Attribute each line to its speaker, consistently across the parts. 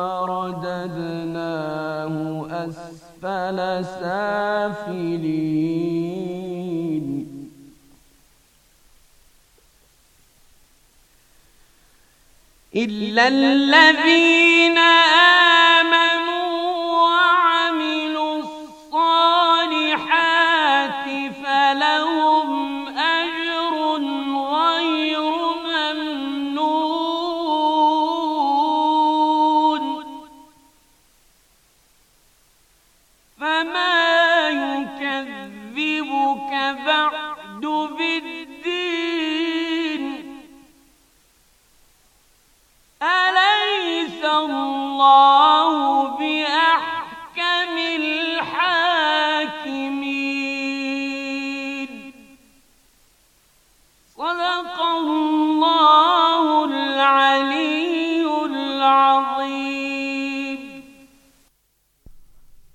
Speaker 1: رددناه أسفل سافلين إلا الذين آمنوا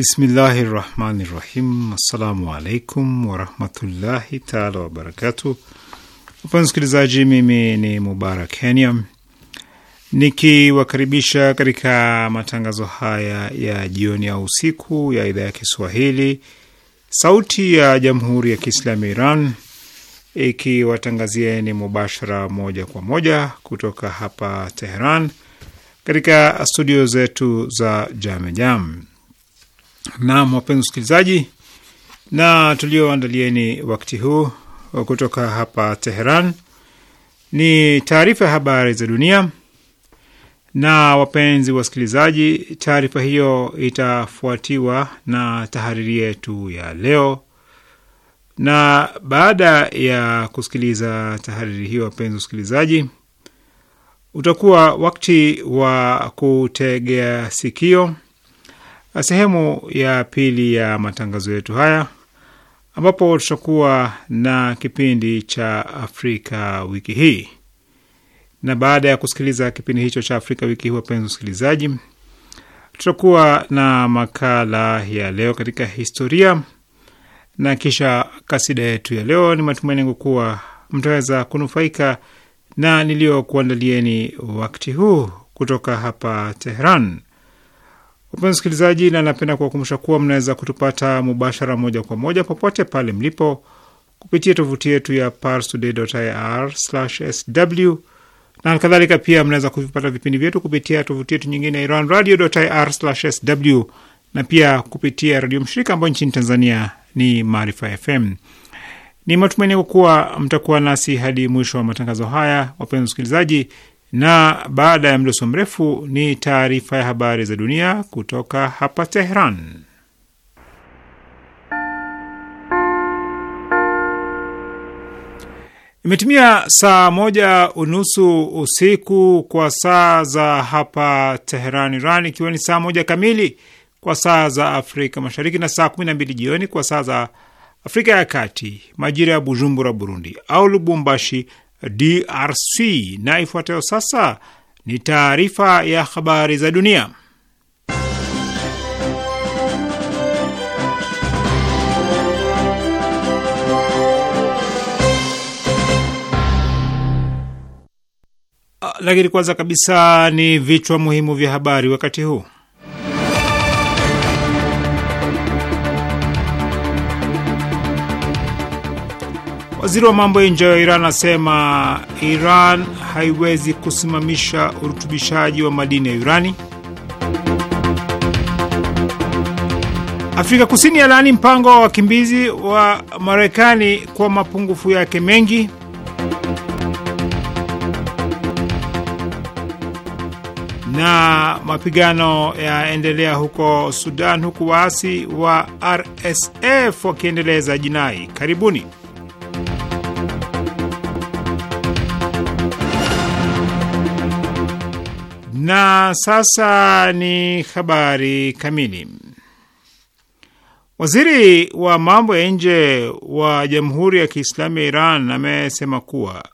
Speaker 2: Bismillahi rahmani rahim. Assalamu alaikum warahmatullahi taala wabarakatu. Wapenzi msikilizaji, mimi ni Mubarak Kenya nikiwakaribisha katika matangazo haya ya jioni au usiku ya idhaa ya Kiswahili Sauti ya Jamhuri ya Kiislamu ya Iran ikiwatangazieni mubashara moja kwa moja kutoka hapa Teheran katika studio zetu za Jamejam. Naam, wapenzi msikilizaji, na tulioandalieni wakati huu kutoka hapa Teheran ni taarifa ya habari za dunia. Na wapenzi wasikilizaji, taarifa hiyo itafuatiwa na tahariri yetu ya leo, na baada ya kusikiliza tahariri hiyo, wapenzi wasikilizaji, utakuwa wakati wa kutegea sikio Eh, sehemu ya pili ya matangazo yetu haya ambapo tutakuwa na kipindi cha Afrika wiki hii. Na baada ya kusikiliza kipindi hicho cha Afrika wiki hii, wapenzi wasikilizaji, tutakuwa na makala ya leo katika historia na kisha kasida yetu ya leo. Ni matumaini yangu kuwa mtaweza kunufaika na niliyokuandalieni wakati huu kutoka hapa Tehran. Wapenzi msikilizaji, na napenda kuwakumbusha kuwa mnaweza kutupata mubashara moja kwa moja popote pale mlipo kupitia tovuti yetu ya parstoday.ir/sw na kadhalika. Pia mnaweza kuvipata vipindi vyetu kupitia tovuti yetu nyingine ya iranradio.ir/sw na pia kupitia redio mshirika ambayo nchini Tanzania ni Maarifa FM. Ni matumaini kuwa mtakuwa nasi hadi mwisho wa matangazo haya, wapenzi wasikilizaji, na baada ya mdoso mrefu ni taarifa ya habari za dunia kutoka hapa Tehran. Imetimia saa moja unusu usiku kwa saa za hapa Teheran, Iran, ikiwa ni saa moja kamili kwa saa za Afrika Mashariki na saa kumi na mbili jioni kwa saa za Afrika ya Kati, majira ya Bujumbura, Burundi, au Lubumbashi, DRC. Na ifuatayo sasa ni taarifa ya habari za dunia. Ah, lakini kwanza kabisa ni vichwa muhimu vya habari wakati huu. Waziri wa mambo ya nje wa Iran anasema Iran haiwezi kusimamisha urutubishaji wa madini ya urani. Afrika Kusini yalaani mpango wa wakimbizi wa Marekani kwa mapungufu yake mengi. Na mapigano yaendelea huko Sudan, huku waasi wa RSF wakiendeleza jinai. Karibuni. Na sasa ni habari kamili. Waziri wa mambo ya nje wa Jamhuri ya Kiislamu ya Iran amesema kuwa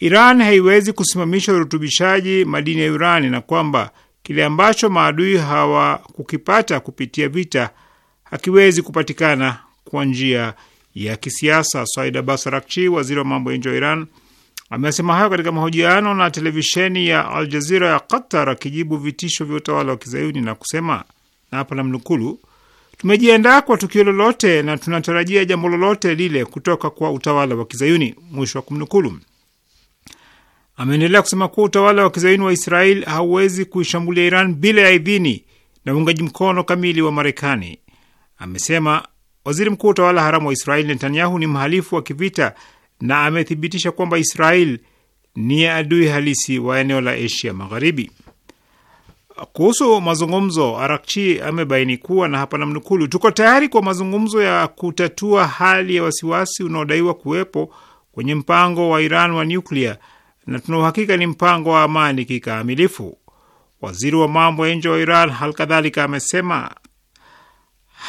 Speaker 2: Iran haiwezi kusimamisha urutubishaji madini ya urani na kwamba kile ambacho maadui hawakukipata kupitia vita hakiwezi kupatikana kwa njia ya kisiasa. Said Abbas arakchi waziri wa mambo ya nje wa Iran, Amesema hayo katika mahojiano na televisheni ya Al Jazeera ya Qatar akijibu vitisho vya utawala wa kizayuni na kusema, na hapa mnukulu, tumejiandaa kwa tukio lolote na tunatarajia jambo lolote lile kutoka kwa utawala wa kizayuni, mwisho wa kumnukulu. Ameendelea kusema kuwa utawala wa kizayuni wa Israel hauwezi kuishambulia Iran bila ya idhini na uungaji mkono kamili wa Marekani. Amesema waziri mkuu wa utawala haramu wa Israeli Netanyahu ni mhalifu wa kivita na amethibitisha kwamba Israel ni adui halisi wa eneo la Asia Magharibi. Kuhusu mazungumzo, Arakchi amebaini kuwa na hapa namnukulu, tuko tayari kwa mazungumzo ya kutatua hali ya wasiwasi unaodaiwa kuwepo kwenye mpango wa Iran wa nyuklia na tuna uhakika ni mpango wa amani kikamilifu. Waziri wa mambo ya nje wa Iran hal kadhalika amesema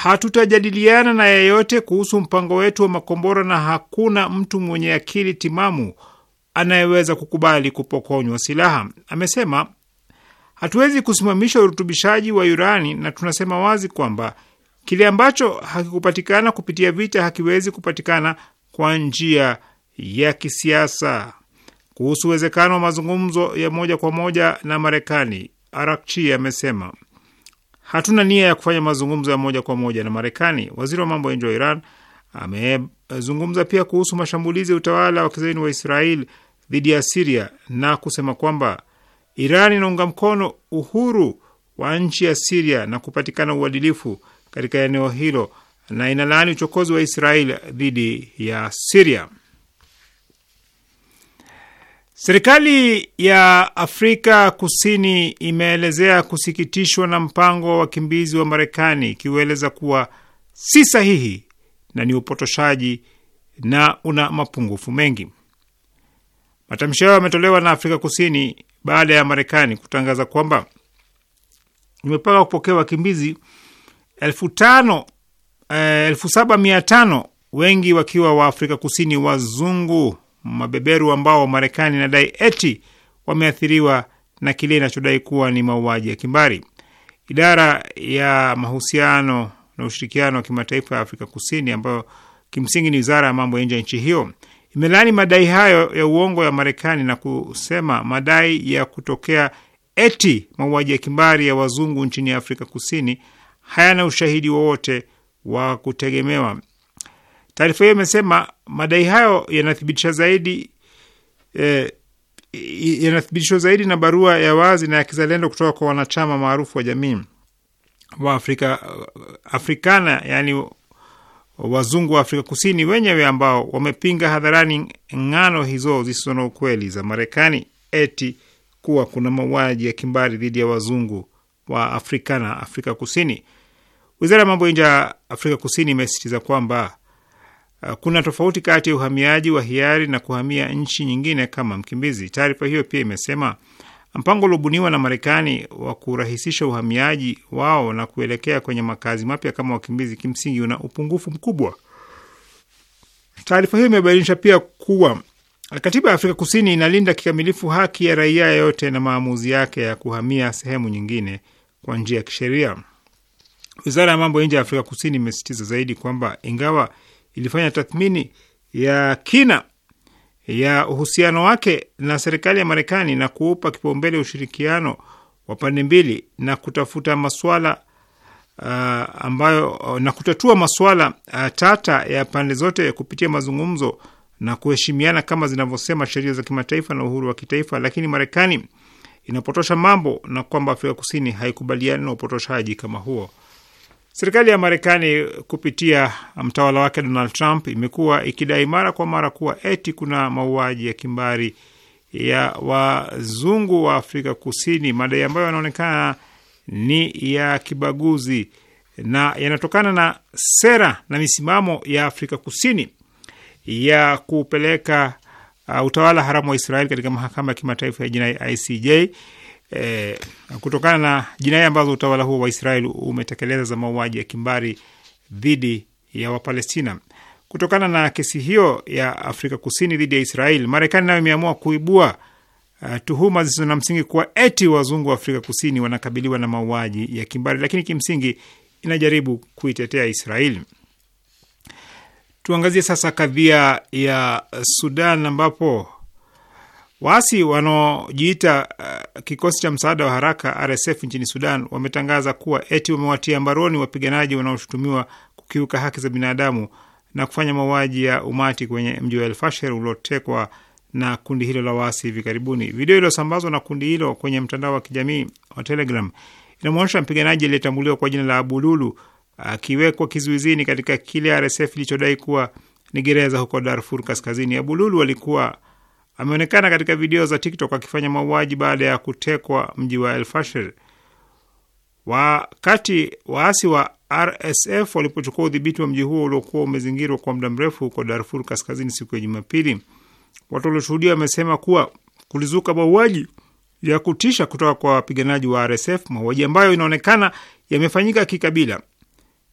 Speaker 2: Hatutajadiliana na yeyote kuhusu mpango wetu wa makombora na hakuna mtu mwenye akili timamu anayeweza kukubali kupokonywa silaha, amesema. Hatuwezi kusimamisha urutubishaji wa urani na tunasema wazi kwamba kile ambacho hakikupatikana kupitia vita hakiwezi kupatikana kwa njia ya kisiasa. Kuhusu uwezekano wa mazungumzo ya moja kwa moja na Marekani, Arakchi amesema hatuna nia ya kufanya mazungumzo ya moja kwa moja na Marekani. Waziri wa mambo ya nje wa Iran amezungumza pia kuhusu mashambulizi ya utawala wa kizayuni wa Israel dhidi ya Siria na kusema kwamba Iran inaunga mkono uhuru wa nchi ya Siria na kupatikana uadilifu katika eneo hilo na inalaani uchokozi wa Israel dhidi ya Siria. Serikali ya Afrika Kusini imeelezea kusikitishwa na mpango wa wakimbizi wa Marekani ikiueleza kuwa si sahihi na ni upotoshaji na una mapungufu mengi. Matamshi hayo yametolewa na Afrika Kusini baada ya Marekani kutangaza kwamba imepanga kupokea wakimbizi elfu tano eh, elfu saba mia tano wengi wakiwa wa Afrika Kusini wazungu mabeberu ambao Marekani inadai eti wameathiriwa na kile inachodai kuwa ni mauaji ya kimbari. Idara ya mahusiano na ushirikiano wa kimataifa ya Afrika Kusini, ambayo kimsingi ni wizara ya mambo ya nje ya nchi hiyo, imelaani madai hayo ya uongo ya Marekani na kusema madai ya kutokea eti mauaji ya kimbari ya wazungu nchini Afrika Kusini hayana ushahidi wowote wa kutegemewa. Taarifa hiyo imesema madai hayo yanathibitisha zaidi e, yanathibitishwa zaidi na barua ya wazi na ya kizalendo kutoka kwa wanachama maarufu wa jamii wa Afrika uh, Afrikana, yani wazungu wa Afrika Kusini wenyewe ambao wamepinga hadharani ngano hizo zisizo na ukweli za Marekani eti kuwa kuna mauaji ya kimbari dhidi ya wazungu wa Afrikana Afrika Kusini. Wizara ya mambo ya nje ya Afrika Kusini imesisitiza kwamba Uh, kuna tofauti kati ya uhamiaji wa hiari na kuhamia nchi nyingine kama mkimbizi. Taarifa hiyo pia imesema mpango uliobuniwa na Marekani wa kurahisisha uhamiaji wao na kuelekea kwenye makazi mapya kama wakimbizi, kimsingi una upungufu mkubwa. Taarifa hiyo imebainisha pia kuwa katiba ya Afrika Kusini inalinda kikamilifu haki ya raia yote na maamuzi yake ya kuhamia sehemu nyingine kwa njia ya kisheria. Wizara ya mambo ya nje ya Afrika Kusini imesisitiza zaidi kwamba ingawa ilifanya tathmini ya kina ya uhusiano wake na serikali ya Marekani na kuupa kipaumbele ushirikiano wa pande mbili na kutafuta maswala uh, ambayo uh, na kutatua maswala uh, tata ya pande zote kupitia mazungumzo na kuheshimiana kama zinavyosema sheria za kimataifa na uhuru wa kitaifa, lakini Marekani inapotosha mambo na kwamba Afrika Kusini haikubaliani na upotoshaji kama huo. Serikali ya Marekani kupitia mtawala wake Donald Trump imekuwa ikidai mara kwa mara kuwa eti kuna mauaji ya kimbari ya wazungu wa Afrika Kusini, madai ambayo yanaonekana ni ya kibaguzi na yanatokana na sera na misimamo ya Afrika Kusini ya kupeleka uh, utawala haramu wa Israeli katika mahakama ya kimataifa ya jinai ICJ eh, kutokana na jinai ambazo utawala huo wa Israeli umetekeleza za mauaji ya kimbari dhidi ya Wapalestina. Kutokana na kesi hiyo ya Afrika Kusini dhidi ya israeli Marekani nayo imeamua kuibua uh, tuhuma zisizo na msingi kuwa eti wazungu wa Afrika Kusini wanakabiliwa na mauaji ya kimbari, lakini kimsingi inajaribu kuitetea israeli Tuangazie sasa kadhia ya Sudan ambapo Waasi wanaojiita uh, kikosi cha msaada wa haraka RSF nchini Sudan wametangaza kuwa eti wamewatia mbaroni wapiganaji wanaoshutumiwa kukiuka haki za binadamu na kufanya mauaji ya umati kwenye mji wa El uliotekwa na kundi hilo la waasi hivi karibuni. Video iliyosambazwa na kundi hilo kwenye mtandao wa kijamii wa Telegram inamwonyesha mpiganaji aliyetambuliwa kwa jina la Abululu akiwekwa kizuizini katika kile RSF ilichodai kuwa ni gereza huko Darfur Kaskazini. Abululu alikuwa ameonekana katika video za TikTok akifanya mauaji baada ya kutekwa mji wa El Fasher. Wakati waasi wa RSF walipochukua udhibiti wa mji huo uliokuwa umezingirwa kwa muda mrefu huko Darfur Kaskazini siku ya Jumapili, watu walioshuhudia wamesema kuwa kulizuka mauaji ya kutisha kutoka kwa wapiganaji wa RSF, mauaji ambayo inaonekana yamefanyika kikabila.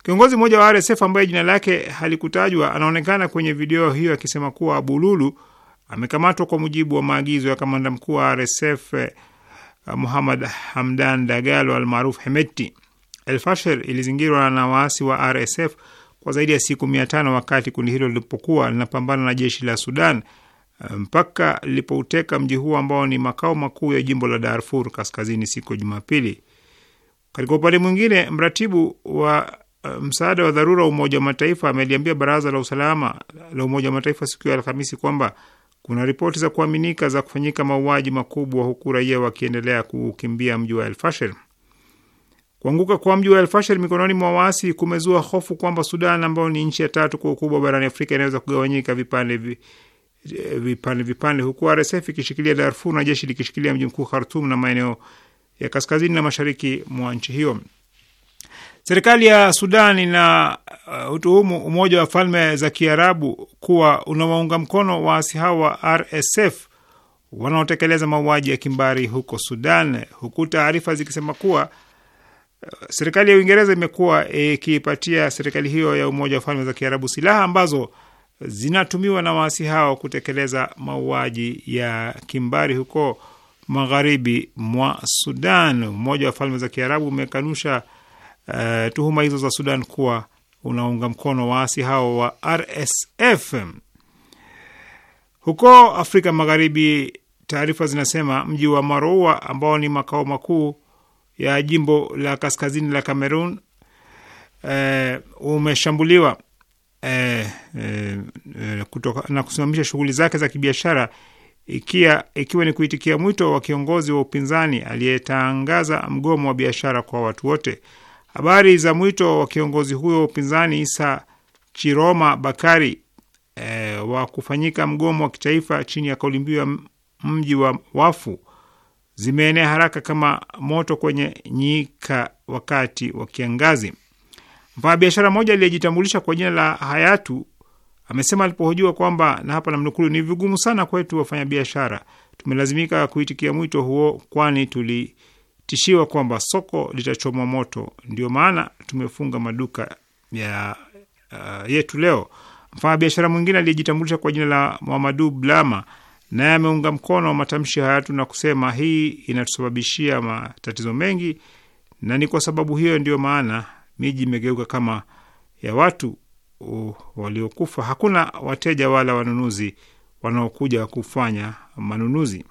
Speaker 2: Kiongozi mmoja wa RSF ambaye jina lake halikutajwa anaonekana kwenye video hiyo akisema kuwa Abululu amekamatwa kwa mujibu wa maagizo ya kamanda mkuu wa RSF eh, Muhammad Hamdan Dagalo almaruf Hemeti. Elfasher ilizingirwa na waasi wa RSF kwa zaidi ya siku mia tano wakati kundi hilo lilipokuwa linapambana na jeshi la Sudan eh, mpaka lilipouteka mji huo ambao ni makao makuu ya jimbo la Darfur kaskazini siku ya Jumapili. Katika upande mwingine, mratibu wa eh, msaada wa dharura wa Umoja wa Mataifa ameliambia Baraza la Usalama la Umoja wa Mataifa siku ya Alhamisi kwamba kuna ripoti za kuaminika za kufanyika mauaji makubwa huku raia wakiendelea kukimbia mji wa El Kuanguka kwa mji wa El mikononi mwa waasi kumezua hofu kwamba Sudan ambayo ni nchi ya tatu kwa ukubwa barani Afrika inaweza kugawanyika vipande vipande vipande, huku RSF ikishikilia Darfur na jeshi likishikilia mji mkuu khartum na maeneo ya kaskazini na mashariki mwa nchi hiyo. Serikali ya Sudan ina Uh, utuhumu Umoja wa Falme za Kiarabu kuwa unawaunga mkono waasi hao wa RSF wanaotekeleza mauaji ya kimbari huko Sudan, huku taarifa zikisema kuwa uh, serikali ya Uingereza imekuwa ikiipatia e, serikali hiyo ya Umoja wa Falme za Kiarabu silaha ambazo zinatumiwa na waasi hao kutekeleza mauaji ya kimbari huko magharibi mwa Sudan. Umoja wa Falme za Kiarabu umekanusha uh, tuhuma hizo za Sudan kuwa unaunga mkono waasi hao wa RSF. Huko Afrika Magharibi, taarifa zinasema mji wa Maroua ambao ni makao makuu ya jimbo la kaskazini la cameron eh, umeshambuliwa eh, eh, kutoka, na kusimamisha shughuli zake za kibiashara ikia, ikiwa ni kuitikia mwito wa kiongozi wa upinzani aliyetangaza mgomo wa biashara kwa watu wote. Habari za mwito wa kiongozi huyo wa upinzani Isa Chiroma Bakari e, wa kufanyika mgomo wa kitaifa chini ya kauli mbiu ya mji wa wafu zimeenea haraka kama moto kwenye nyika wakati wa kiangazi. Mfanyabiashara mmoja aliyejitambulisha kwa jina la Hayatu amesema alipohojiwa kwamba, na hapa namnukuu, ni vigumu sana kwetu wafanyabiashara, tumelazimika kuitikia mwito huo, kwani tuli tishiwa kwamba soko litachomwa moto, ndio maana tumefunga maduka ya uh, yetu leo. Mfanyabiashara mwingine aliyejitambulisha kwa jina la Muhamadu Blama naye ameunga mkono matamshi hayatu na kusema hii inatusababishia matatizo mengi, na ni kwa sababu hiyo ndiyo maana miji imegeuka kama ya watu uh, waliokufa. Hakuna wateja wala wanunuzi wanaokuja kufanya manunuzi.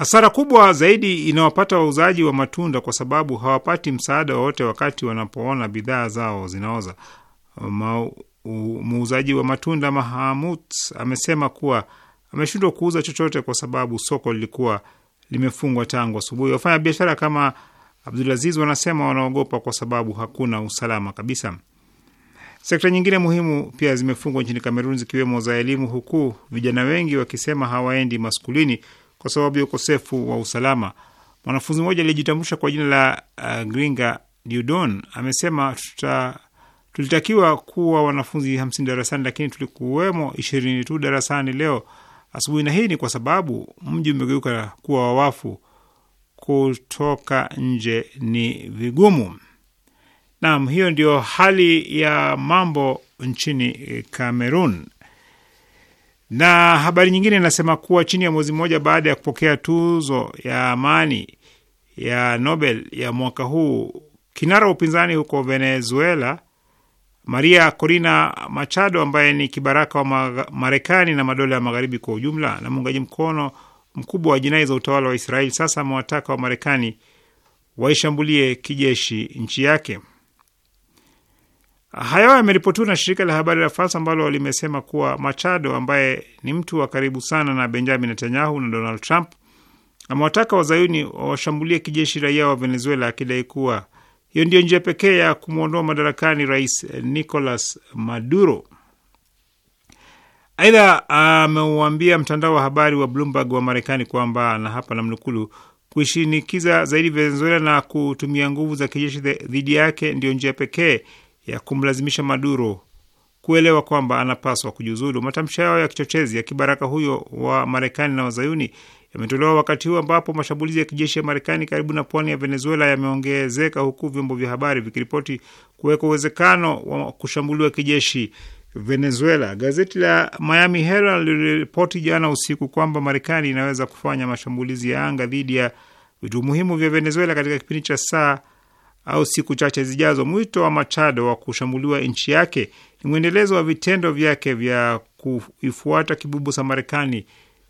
Speaker 2: Hasara kubwa zaidi inawapata wauzaji wa matunda kwa sababu hawapati msaada wowote wakati wanapoona bidhaa zao zinaoza. Muuzaji wa matunda Mahamut amesema kuwa ameshindwa kuuza chochote kwa sababu soko lilikuwa limefungwa tangu asubuhi. Wafanya biashara kama Abdulaziz wanasema wanaogopa kwa sababu hakuna usalama kabisa. Sekta nyingine muhimu pia zimefungwa nchini Kamerun, zikiwemo za elimu, huku vijana wengi wakisema hawaendi maskulini kwa sababu ya ukosefu wa usalama. Mwanafunzi mmoja aliyejitambulisha kwa jina la uh, Gringa Diudon amesema tuta, tulitakiwa kuwa wanafunzi hamsini darasani lakini tulikuwemo ishirini tu darasani leo asubuhi, na hii ni kwa sababu mji umegeuka kuwa wawafu, kutoka nje ni vigumu. Naam, hiyo ndio hali ya mambo nchini Kamerun. Na habari nyingine inasema kuwa chini ya mwezi mmoja baada ya kupokea tuzo ya amani ya Nobel ya mwaka huu, kinara wa upinzani huko Venezuela Maria Corina Machado ambaye ni kibaraka wa Marekani na madola ya magharibi kwa ujumla na muungaji mkono mkubwa wa jinai za utawala wa Israeli sasa amewataka wa Marekani waishambulie kijeshi nchi yake. Hayo yameripotiwa na shirika la habari la Fars ambalo limesema kuwa Machado ambaye ni mtu wa karibu sana na Benjamin Netanyahu na Donald Trump amewataka wazayuni wawashambulie kijeshi raia wa Venezuela, akidai kuwa hiyo ndiyo njia pekee ya kumwondoa madarakani rais Nicolas Maduro. Aidha, ameuambia mtandao wa habari wa Bloomberg wa Marekani kwamba na hapa namnukulu, kuishinikiza zaidi Venezuela na kutumia nguvu za kijeshi dhidi yake ndiyo njia pekee ya kumlazimisha Maduro kuelewa kwamba anapaswa kujiuzulu. Matamshi yao ya kichochezi ya kibaraka huyo wa Marekani na Wazayuni yametolewa wakati huu ambapo mashambulizi ya kijeshi ya Marekani karibu na pwani ya Venezuela yameongezeka huku vyombo vya habari vikiripoti kuweka uwezekano wa kushambuliwa kijeshi Venezuela. Gazeti la Miami Herald liliripoti jana usiku kwamba Marekani inaweza kufanya mashambulizi ya anga dhidi ya vitu muhimu vya Venezuela katika kipindi cha saa au siku chache zijazo. Mwito wa Machado wa kushambuliwa nchi yake ni mwendelezo wa vitendo vyake vya kuifuata kibubu za Marekani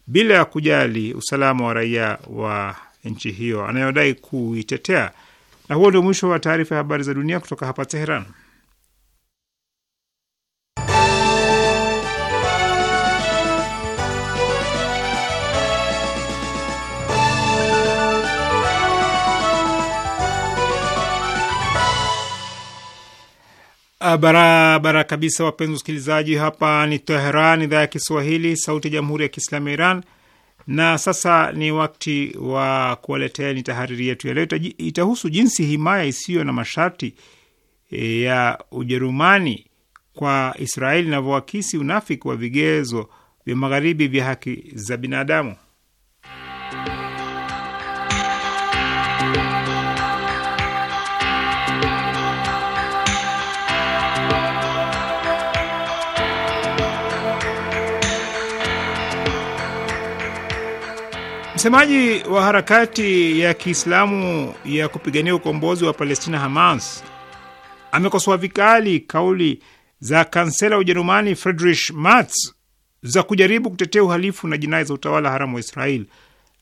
Speaker 2: bila ya kujali usalama wa raia wa nchi hiyo anayodai kuitetea. Na huo ndio mwisho wa taarifa ya habari za dunia kutoka hapa Teheran. Ah, barabara kabisa, wapenzi wasikilizaji. Hapa ni Teheran, idhaa ya Kiswahili, sauti ya jamhuri ya kiislamu ya Iran. Na sasa ni wakati wa kuwaletea ni tahariri yetu ya leo. Itahusu jinsi himaya isiyo na masharti e, ya Ujerumani kwa Israeli inavyoakisi unafiki wa vigezo vya magharibi vya haki za binadamu. Msemaji wa harakati ya Kiislamu ya kupigania ukombozi wa Palestina, Hamas, amekosoa vikali kauli za kansela wa Ujerumani Friedrich Merz za kujaribu kutetea uhalifu na jinai za utawala haramu wa Israel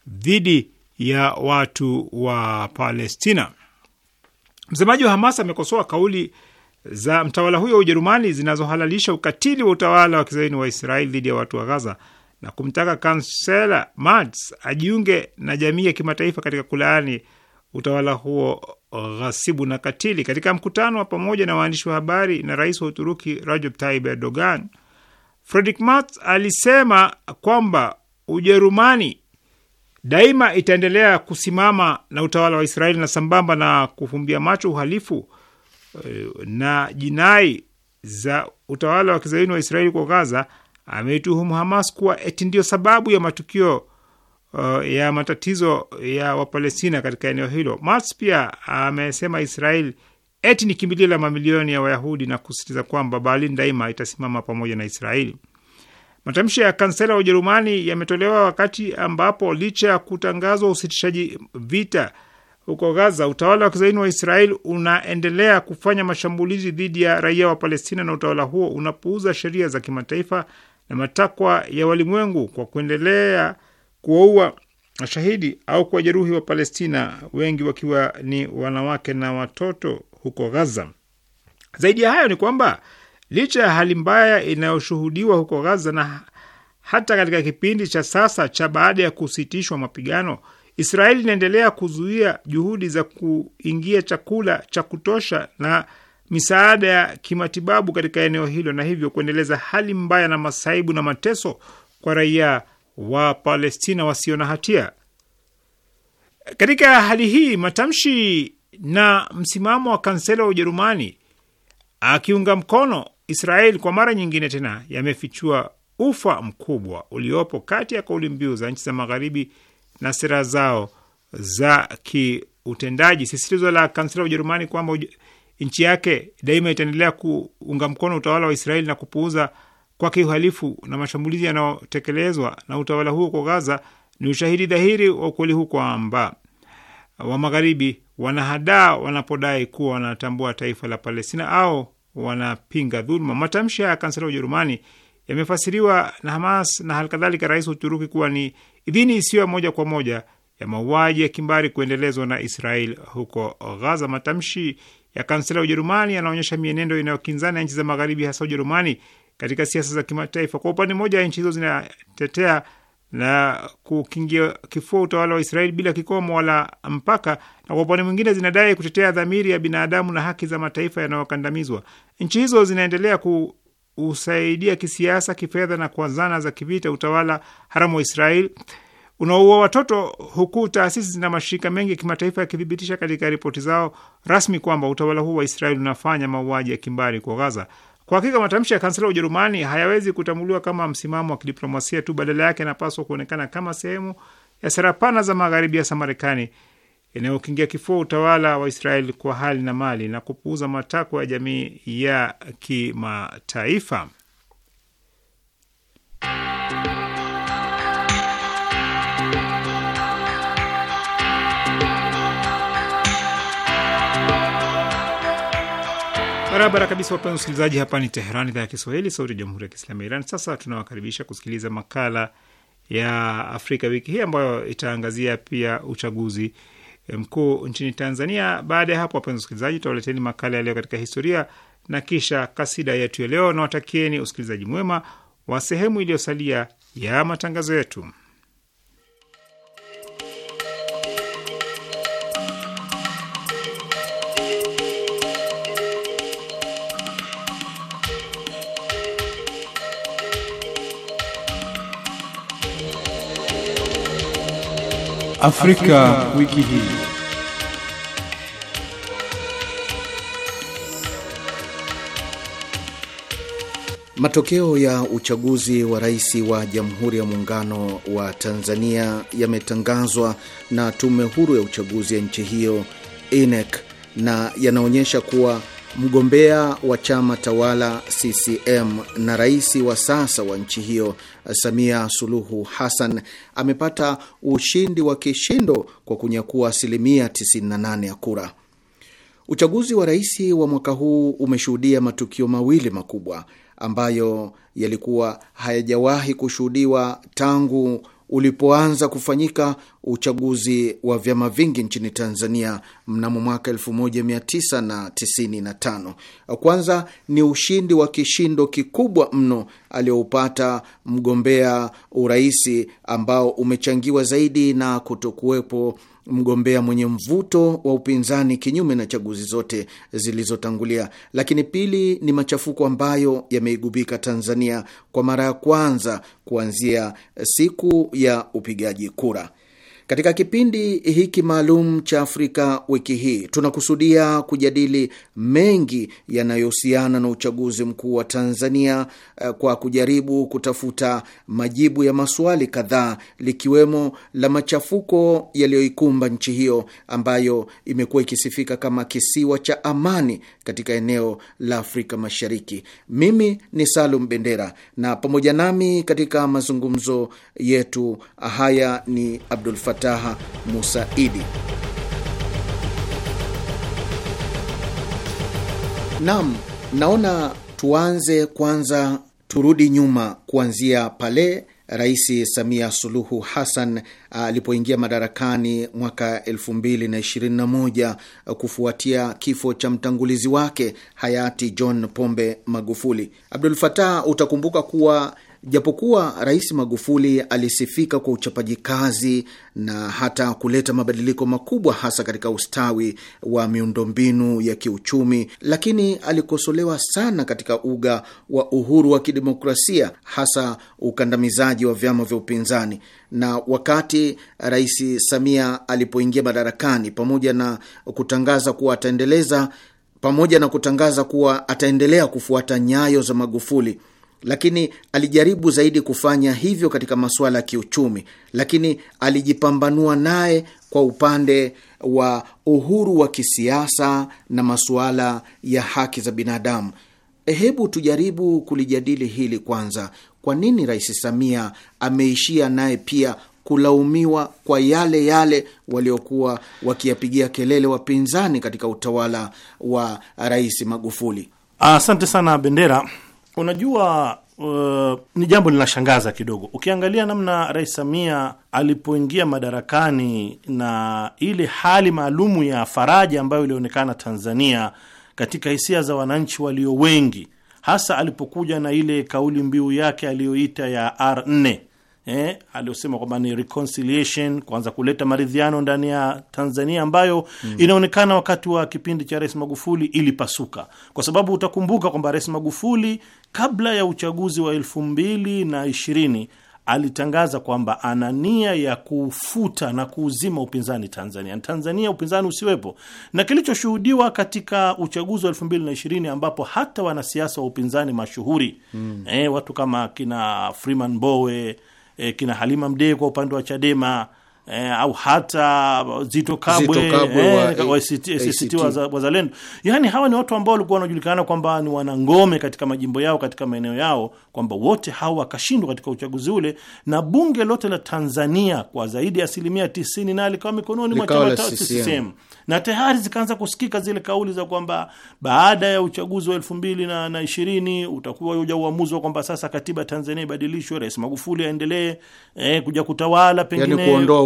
Speaker 2: dhidi ya watu wa Palestina. Msemaji wa Hamas amekosoa kauli za mtawala huyo wa Ujerumani zinazohalalisha ukatili wa utawala wa kizayuni wa Israel dhidi ya watu wa Gaza na kumtaka kansela Merz ajiunge na jamii ya kimataifa katika kulaani utawala huo uh, ghasibu na katili. Katika mkutano wa pamoja na waandishi wa habari na rais wa Uturuki Recep Tayyip Erdogan, Friedrich Merz alisema kwamba Ujerumani daima itaendelea kusimama na utawala wa Israeli na sambamba na kufumbia macho uhalifu uh, na jinai za utawala wa kizayuni wa Israeli kwa Gaza ameituhumu Hamas kuwa eti ndiyo sababu ya matukio uh, ya matatizo ya Wapalestina katika eneo hilo. Mats pia amesema Israel eti ni kimbilio la mamilioni ya Wayahudi na kusisitiza kwamba Berlin daima itasimama pamoja na Israeli. Matamshi ya kansela wa Ujerumani yametolewa wakati ambapo licha ya kutangazwa usitishaji vita huko Gaza, utawala wa kizaini wa Israel unaendelea kufanya mashambulizi dhidi ya raia wa Palestina na utawala huo unapuuza sheria za kimataifa na matakwa ya walimwengu kwa kuendelea kuwaua shahidi au kuwajeruhi wa Palestina, wengi wakiwa ni wanawake na watoto huko Gaza. Zaidi ya hayo ni kwamba licha ya hali mbaya inayoshuhudiwa huko Gaza na hata katika kipindi cha sasa cha baada ya kusitishwa mapigano, Israeli inaendelea kuzuia juhudi za kuingia chakula cha kutosha na misaada ya kimatibabu katika eneo hilo na hivyo kuendeleza hali mbaya na masaibu na mateso kwa raia wa Palestina wasio na hatia. Katika hali hii, matamshi na msimamo wa kansela wa Ujerumani akiunga mkono Israel kwa mara nyingine tena yamefichua ufa mkubwa uliopo kati ya kauli mbiu za nchi za Magharibi na sera zao za kiutendaji. Sisitizo la kansela wa Ujerumani kwamba uj nchi yake daima itaendelea kuunga mkono utawala wa Israeli na kupuuza kwake uhalifu na mashambulizi yanayotekelezwa na utawala huo kwa Gaza ni ushahidi dhahiri wa ukweli huu kwamba wa Magharibi wanahadaa wanapodai kuwa wanatambua taifa la Palestina au wanapinga dhuluma. Matamshi ya kansela wa Ujerumani yamefasiriwa na Hamas na halikadhalika rais wa Uturuki kuwa ni idhini isiyo ya moja kwa moja ya mauaji ya kimbari kuendelezwa na Israel huko Gaza. Matamshi ya kansela ya Ujerumani yanaonyesha mienendo inayokinzana ya nchi za Magharibi, hasa Ujerumani katika siasa za kimataifa. Kwa upande mmoja, nchi hizo zinatetea na kukingia kifua utawala wa Israeli bila kikomo wala mpaka, na kwa upande mwingine zinadai kutetea dhamiri ya binadamu na haki za mataifa yanayokandamizwa. Nchi hizo zinaendelea kuusaidia kisiasa, kifedha na kwa zana za kivita utawala haramu wa Israeli unaoua watoto, huku taasisi na mashirika mengi ya kimataifa yakithibitisha katika ripoti zao rasmi kwamba utawala huu wa Israeli unafanya mauaji ya kimbari kwa Gaza. Kwa hakika matamshi ya kansela wa Ujerumani hayawezi kutambuliwa kama msimamo wa kidiplomasia tu, badala yake yanapaswa kuonekana kama sehemu ya sera pana za magharibi, hasa Marekani inayokingia kifua utawala wa Israeli kwa hali na mali na kupuuza matakwa ya jamii ya kimataifa. Barabara kabisa, wapenzi wasikilizaji, hapa ni teheran idhaa ya Kiswahili, sauti ya jamhuri ya kiislamu ya Iran. Sasa tunawakaribisha kusikiliza makala ya Afrika wiki hii ambayo itaangazia pia uchaguzi mkuu nchini Tanzania. Baada ya hapo, wapenzi wasikilizaji, tutawaleteni makala ya leo katika historia na kisha kasida yetu ya leo, na watakieni usikilizaji mwema wa sehemu iliyosalia ya matangazo yetu.
Speaker 3: Afrika, wiki hii.
Speaker 4: Matokeo ya uchaguzi wa rais wa Jamhuri ya Muungano wa Tanzania yametangazwa na Tume Huru ya Uchaguzi ya nchi hiyo INEC na yanaonyesha kuwa mgombea wa chama tawala CCM na rais wa sasa wa nchi hiyo Samia Suluhu Hassan amepata ushindi wa kishindo kwa kunyakua asilimia 98 ya kura. Uchaguzi wa rais wa mwaka huu umeshuhudia matukio mawili makubwa ambayo yalikuwa hayajawahi kushuhudiwa tangu ulipoanza kufanyika uchaguzi wa vyama vingi nchini Tanzania mnamo mwaka 1995. Kwanza ni ushindi wa kishindo kikubwa mno aliyoupata mgombea uraisi ambao umechangiwa zaidi na kutokuwepo mgombea mwenye mvuto wa upinzani kinyume na chaguzi zote zilizotangulia. Lakini pili ni machafuko ambayo yameigubika Tanzania kwa mara ya kwanza kuanzia siku ya upigaji kura. Katika kipindi hiki maalum cha Afrika wiki hii, tunakusudia kujadili mengi yanayohusiana na uchaguzi mkuu wa Tanzania eh, kwa kujaribu kutafuta majibu ya maswali kadhaa, likiwemo la machafuko yaliyoikumba nchi hiyo ambayo imekuwa ikisifika kama kisiwa cha amani katika eneo la Afrika Mashariki. Mimi ni Salum Bendera na pamoja nami katika mazungumzo yetu haya ni Abdul Fattah Fataha Musaidi. Naam, naona tuanze kwanza, turudi nyuma kuanzia pale Rais Samia Suluhu Hassan alipoingia madarakani mwaka 2021 kufuatia kifo cha mtangulizi wake hayati John Pombe Magufuli. Abdul Fatah, utakumbuka kuwa Japokuwa Rais Magufuli alisifika kwa uchapaji kazi na hata kuleta mabadiliko makubwa hasa katika ustawi wa miundombinu ya kiuchumi, lakini alikosolewa sana katika uga wa uhuru wa kidemokrasia, hasa ukandamizaji wa vyama vya upinzani. Na wakati Rais Samia alipoingia madarakani, pamoja na kutangaza kuwa ataendeleza pamoja na kutangaza kuwa ataendelea kufuata nyayo za Magufuli lakini alijaribu zaidi kufanya hivyo katika masuala ya kiuchumi, lakini alijipambanua naye kwa upande wa uhuru wa kisiasa na masuala ya haki za binadamu. Eh, hebu tujaribu kulijadili hili kwanza. Kwa nini Rais Samia ameishia naye pia kulaumiwa kwa yale yale waliokuwa wakiyapigia kelele wapinzani katika utawala wa Rais Magufuli?
Speaker 5: Asante sana Bendera. Unajua uh, ni jambo linashangaza kidogo ukiangalia namna Rais Samia alipoingia madarakani na ile hali maalumu ya faraja ambayo ilionekana Tanzania katika hisia za wananchi walio wengi, hasa alipokuja na ile kauli mbiu yake aliyoita ya R4 eh, aliosema kwamba ni reconciliation, kuleta maridhiano ndani ya Tanzania ambayo mm, inaonekana wakati wa kipindi cha Rais Magufuli ilipasuka, kwa sababu utakumbuka kwamba Rais Magufuli kabla ya uchaguzi wa elfu mbili na ishirini alitangaza kwamba ana nia ya kufuta na kuuzima upinzani Tanzania, Tanzania upinzani usiwepo, na kilichoshuhudiwa katika uchaguzi wa elfu mbili na ishirini ambapo hata wanasiasa wa upinzani mashuhuri mm, eh, watu kama kina Freeman Mbowe e, kina Halima Mdee kwa upande wa Chadema e, au hata Zito Kabwe ACT Wazalendo. yani hawa ni watu ambao walikuwa wanajulikana kwamba ni wanangome katika majimbo yao, katika maeneo yao, kwamba wote hawa wakashindwa katika uchaguzi ule, na bunge lote la Tanzania kwa zaidi ya asilimia tisini na likawa mikononi mwa chama CCM na tayari zikaanza kusikika zile kauli za kwamba baada ya uchaguzi wa elfu mbili na, na ishirini utakuwa uja uamuzi wa kwamba sasa katiba Tanzania ibadilishwe, Rais Magufuli aendelee eh, kuja kutawala, pengine kuondoa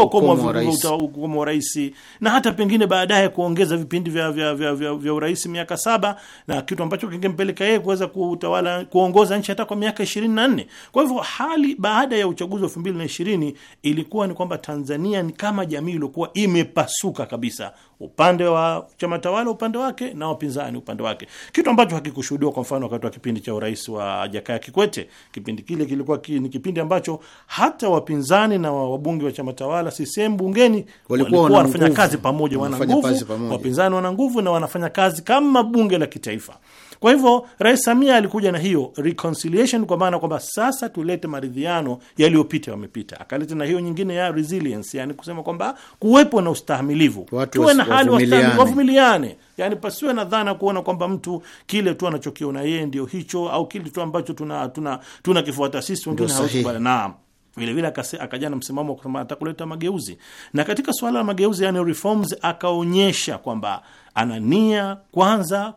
Speaker 5: ukomo wa rais na hata pengine baadaye kuongeza vipindi vya, vya, vya, vya, vya urais miaka saba na kitu ambacho kingempeleka yeye kuweza kutawala kuongoza nchi hata kwa miaka ishirini na nne. Kwa hivyo hali baada ya uchaguzi wa elfu mbili na ishirini ilikuwa ni kwamba Tanzania ni kama jamii iliokuwa imepasuka kabisa kabisa, upande wa chama tawala upande wake na wapinzani upande wake, kitu ambacho hakikushuhudiwa kwa mfano wakati wa kipindi cha urais wa Jakaya Kikwete. Kipindi kile kilikuwa ni kipindi ambacho hata wapinzani na wabunge wa chama tawala sisehemu bungeni walikuwa wanafanya kazi pamoja, wana nguvu, wapinzani wana nguvu na wanafanya kazi kama bunge la kitaifa. Kwa hivyo Rais Samia alikuja na hiyo reconciliation, kwa maana kwamba sasa tulete maridhiano, yaliyopita yamepita. Akaleta na hiyo nyingine ya resilience, yani kusema kwamba kuwepo na ustahimilivu, tuwe na hali wavumiliane Yani pasiwe na dhana kuona kwamba mtu kile tu anachokiona yeye ndio hicho au kile tu ambacho tuna, tuna, tuna kifuata sisi wengine. Naam. Vilevile akaja na msimamo kwamba anataka mageuzi, na katika suala la mageuzi, yani reforms, akaonyesha kwamba ana nia kwanza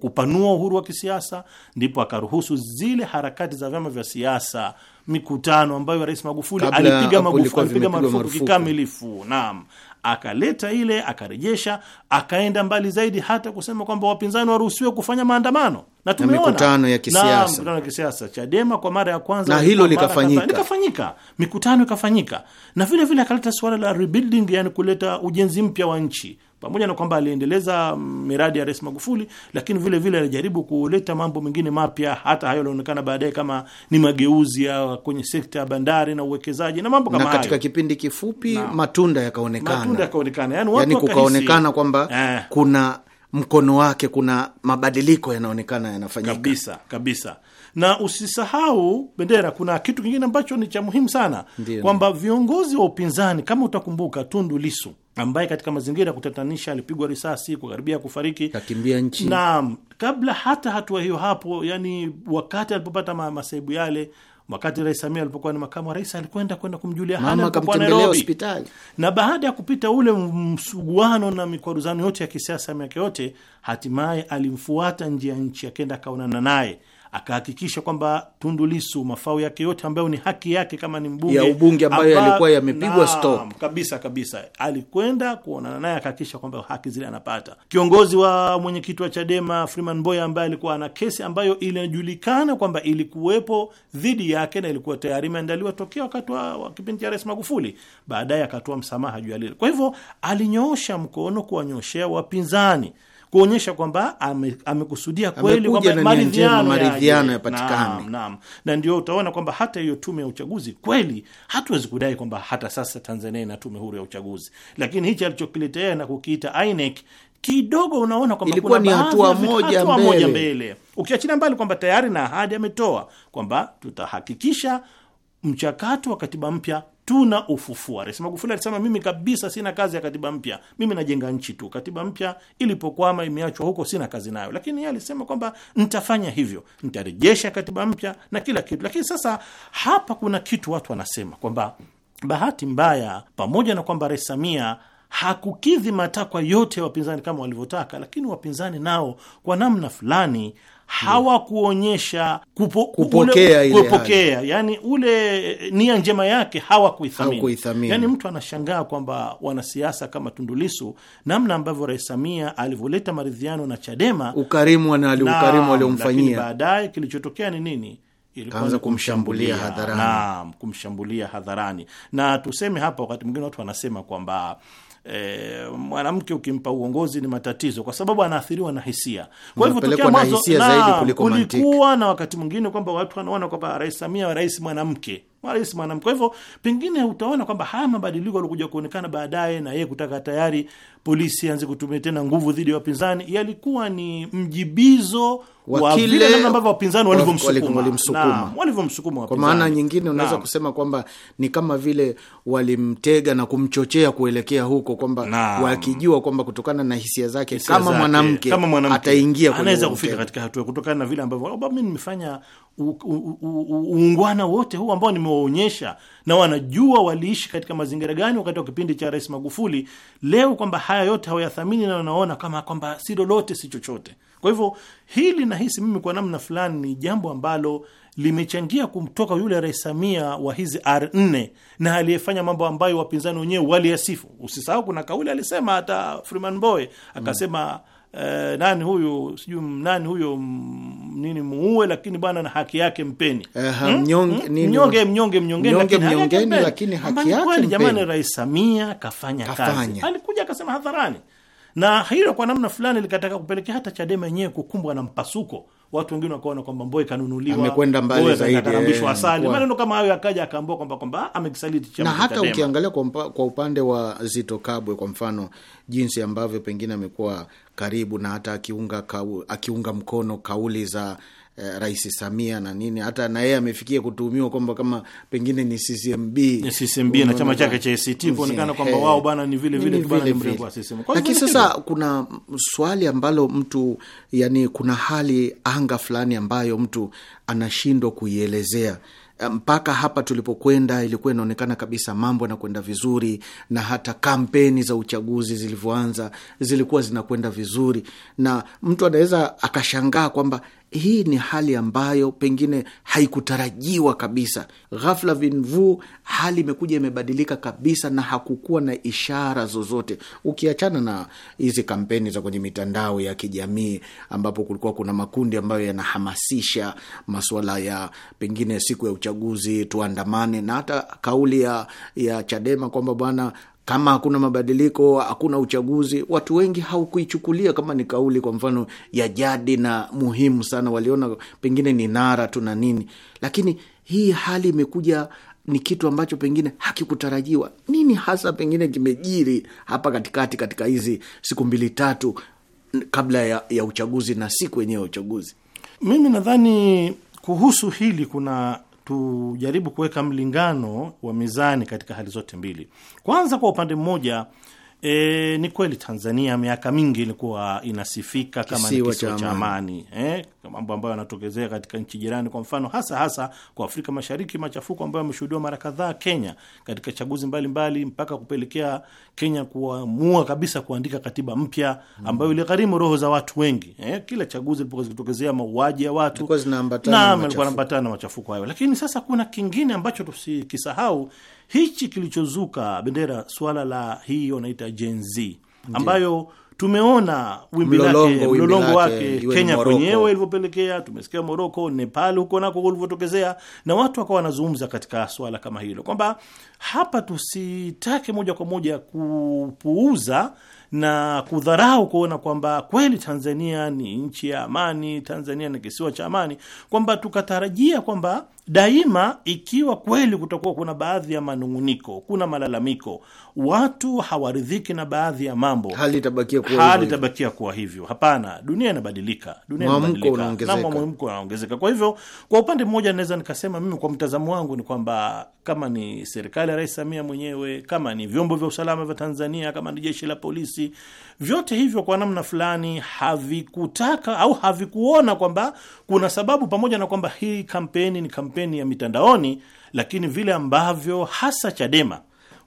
Speaker 5: kupanua uhuru wa kisiasa, ndipo akaruhusu zile harakati za vyama vya siasa, mikutano ambayo Rais Magufuli alipiga marufuku kikamilifu. Naam, akaleta ile, akarejesha, akaenda mbali zaidi hata kusema kwamba wapinzani waruhusiwe kufanya maandamano na tumeona mikutano ya kisiasa, mikutano ya kisiasa Chadema kwa mara ya kwanza, na hilo likafanyika, likafanyika mikutano ikafanyika, na vile vile akaleta suala la rebuilding, yani kuleta ujenzi mpya wa nchi pamoja na kwamba aliendeleza mm, miradi ya Rais Magufuli, lakini vile vile alijaribu kuleta mambo mengine mapya, hata hayo yalionekana baadaye kama ni mageuzi ya kwenye sekta ya bandari na uwekezaji na mambo kama hayo. katika
Speaker 4: kipindi kifupi na matunda yakaonekana, matunda
Speaker 5: yakaonekana, yani yaani watu yani kukaonekana
Speaker 4: kwamba eh, kuna mkono wake, kuna mabadiliko yanaonekana yanafanyika
Speaker 5: kabisa kabisa na usisahau Bendera, kuna kitu kingine ambacho ni cha muhimu sana kwamba viongozi wa upinzani kama utakumbuka, Tundu Lisu ambaye katika mazingira ya kutatanisha alipigwa risasi kukaribia kufariki, kakimbia nchi. Naam, kabla hata hatua hiyo hapo, yani wakati alipopata masaibu yale wakati Rais Samia alipokuwa ni makamu wa rais alikwenda kwenda kumjulia hali alipokuwa Nairobi hospitali, na baada ya kupita ule msuguano na mikwaruzano yote ya kisiasa miaka yote, hatimaye alimfuata nje ya nchi, akenda akaonana naye akahakikisha kwamba Tundu Lissu mafao yake yote ambayo ni haki yake kama ni mbunge ya ubunge ambayo yalikuwa yamepigwa stop kabisa kabisa, alikwenda kuonana naye akahakikisha kwamba haki zile anapata. Kiongozi wa mwenyekiti wa Chadema Freeman Boy ambaye alikuwa ana kesi ambayo inajulikana kwamba ilikuwepo dhidi yake na ilikuwa tayari imeandaliwa tokea wakati wa kipindi cha Rais Magufuli, baadaye akatoa msamaha juu ya lile. Kwa hivyo alinyoosha mkono kuwanyoshea wapinzani kuonyesha kwamba amekusudia kweli maridhiano yapatikane. Naam, na ndio utaona kwamba hata hiyo tume ya uchaguzi kweli, hatuwezi kudai kwamba hata sasa Tanzania ina tume huru ya uchaguzi, lakini hichi alichokiletea na kukiita INEC kidogo unaona kwamba ilikuwa ni hatua moja mbele, moja mbele, ukiachilia mbali kwamba tayari na ahadi ametoa kwamba tutahakikisha mchakato wa katiba mpya tuna ufufua. Rais Magufuli alisema mimi kabisa sina kazi ya katiba mpya, mimi najenga nchi tu. Katiba mpya ilipokwama imeachwa huko, sina kazi nayo, lakini yeye alisema kwamba nitafanya hivyo, nitarejesha katiba mpya na kila kitu. Lakini sasa hapa kuna kitu watu wanasema kwamba bahati mbaya, pamoja na kwamba Rais Samia hakukidhi matakwa yote ya wapinzani kama walivyotaka, lakini wapinzani nao kwa namna fulani hawakuonyesha kupo, kupokea, ule, kupokea. Yani ule eh, nia njema yake hawakuithamini. Yani mtu anashangaa kwamba wanasiasa kama Tundulisu, namna ambavyo Rais Samia alivyoleta maridhiano na Chadema,
Speaker 4: ukarimu waliomfanyia,
Speaker 5: baadaye kilichotokea ni nini? Ilikuwa kumshambulia hadharani, naam,
Speaker 4: kumshambulia
Speaker 5: hadharani. Na tuseme hapa, wakati mwingine watu wanasema kwamba E, mwanamke ukimpa uongozi ni matatizo, kwa sababu anaathiriwa na hisia. Kwa hivyo tokea mwanzo kulikuwa na wakati mwingine kwamba watu wanaona kwamba Rais Samia rais mwanamke rais mwanamke. Kwa hivyo pengine utaona kwamba haya mabadiliko yaliokuja kuonekana baadaye na yeye kutaka tayari polisi anze kutumia tena nguvu dhidi ya wapinzani yalikuwa ni mjibizo wa vile namna ambavyo wapinzani walivyomsukuma walivyomsukuma. Kwa maana nyingine, unaweza
Speaker 4: kusema kwamba ni kama vile walimtega na kumchochea kuelekea huko, kwamba wakijua kwamba kutokana na hisia zake hisia kama mwanamke ataingia, anaweza kufika katika hatua kutokana na vile
Speaker 5: ambavyo oh, mimi nimefanya uungwana wote huu ambao nime wamewaonyesha na wanajua waliishi katika mazingira gani wakati wa kipindi cha Rais Magufuli, leo kwamba haya yote hawayathamini na wanaona kama kwamba si lolote si chochote. Kwa hivyo hili nahisi mimi kwa namna fulani ni jambo ambalo limechangia kumtoka yule Rais Samia wa hizi R4 na aliyefanya mambo ambayo wapinzani wenyewe waliyasifu. Usisahau kuna kauli alisema hata Freeman Mbowe akasema mm. Eh, nani huyu sijui nani huyo mm, nini muue, lakini bwana na haki yake mpeni. Aha, eh, hmm? hmm? Mnyonge, mnyonge mnyonge mnyongeni lakini haki yake mpeni. Jamani, Rais Samia kafanya, kafanya kazi, alikuja akasema hadharani, na hilo kwa namna fulani likataka kupelekea hata Chadema yenyewe kukumbwa na mpasuko watu wengine wakaona kwamba mboe kanunuliwa, amekwenda mbali zaidi, eh, asali, maneno kama hayo akaja akaambua kwamba kwamba ah, amekisaliti chama. Na hata
Speaker 4: ukiangalia kwa, mpa, kwa upande wa Zito Kabwe kwa mfano, jinsi ambavyo pengine amekuwa karibu na hata akiunga, kau, akiunga mkono kauli za Eh, Rais Samia na nini, hata na yeye amefikia kutuhumiwa kwamba kama pengine ni CCMB CCMB na chama chake cha ACT kuonekana eh, kwamba eh. wao bana ni vile vile bana mrengo wa CCM. Lakini sasa kuna swali ambalo mtu yani, kuna hali anga fulani ambayo mtu anashindwa kuielezea mpaka hapa tulipokwenda ilikuwa inaonekana kabisa mambo yanakwenda vizuri, na hata kampeni za uchaguzi zilivyoanza zilikuwa zinakwenda vizuri, na mtu anaweza akashangaa kwamba hii ni hali ambayo pengine haikutarajiwa kabisa. Ghafla vinvu, hali imekuja imebadilika kabisa, na hakukuwa na ishara zozote, ukiachana na hizi kampeni za kwenye mitandao ya kijamii, ambapo kulikuwa kuna makundi ambayo yanahamasisha masuala ya pengine siku ya uchaguzi tuandamane, na hata kauli ya, ya Chadema kwamba bwana kama hakuna mabadiliko, hakuna uchaguzi, watu wengi haukuichukulia kama ni kauli, kwa mfano, ya jadi na muhimu sana. Waliona pengine ni nara tu na nini, lakini hii hali imekuja ni kitu ambacho pengine hakikutarajiwa. Nini hasa pengine kimejiri hapa katikati, katika hizi siku mbili tatu kabla ya, ya uchaguzi na siku yenyewe ya uchaguzi? Mimi
Speaker 5: nadhani kuhusu hili kuna tujaribu kuweka mlingano wa mizani katika hali zote mbili. Kwanza, kwa upande mmoja E, ni kweli Tanzania miaka mingi ilikuwa inasifika kama ni kisiwa cha amani eh, mambo ambayo yanatokezea katika nchi jirani, kwa mfano hasa hasa kwa Afrika Mashariki, machafuko ambayo yameshuhudiwa mara kadhaa Kenya katika chaguzi mbalimbali mbali, mpaka kupelekea Kenya kuamua kabisa kuandika katiba mpya mm. ambayo iligharimu roho za watu wengi eh, kila chaguzi ilipokuwa zikitokezea mauaji ya watu na na machafuko hayo. Lakini sasa kuna kingine ambacho tusikisahau hichi kilichozuka bendera, suala la hii wanaita Gen Z ambayo tumeona wimbi lake mlolongo wake Kenya kwenyewe ilivyopelekea, tumesikia Moroko, Nepal huko nako ulivyotokezea, na watu wakawa wanazungumza katika swala kama hilo kwamba hapa tusitake moja kwa moja kupuuza na kudharau kuona kwamba kweli Tanzania ni nchi ya amani, Tanzania ni kisiwa cha amani, kwamba tukatarajia kwamba Daima ikiwa kweli kutakuwa kuna baadhi ya manung'uniko, kuna malalamiko, watu hawaridhiki na baadhi ya mambo, hali itabakia kuwa, hali itabakia kuwa hivyo. Hapana, dunia inabadilika, dunia inabadilika mwamko unaongezeka. Kwa hivyo, kwa upande mmoja, naweza nikasema mimi, kwa mtazamo wangu, ni kwamba kama ni serikali ya Rais Samia mwenyewe, kama ni vyombo vya usalama vya Tanzania, kama ni jeshi la polisi, vyote hivyo kwa namna fulani havikutaka au havikuona kwamba kuna sababu, pamoja na kwamba hii kampeni ni kampeni kampeni ya mitandaoni, lakini vile ambavyo hasa Chadema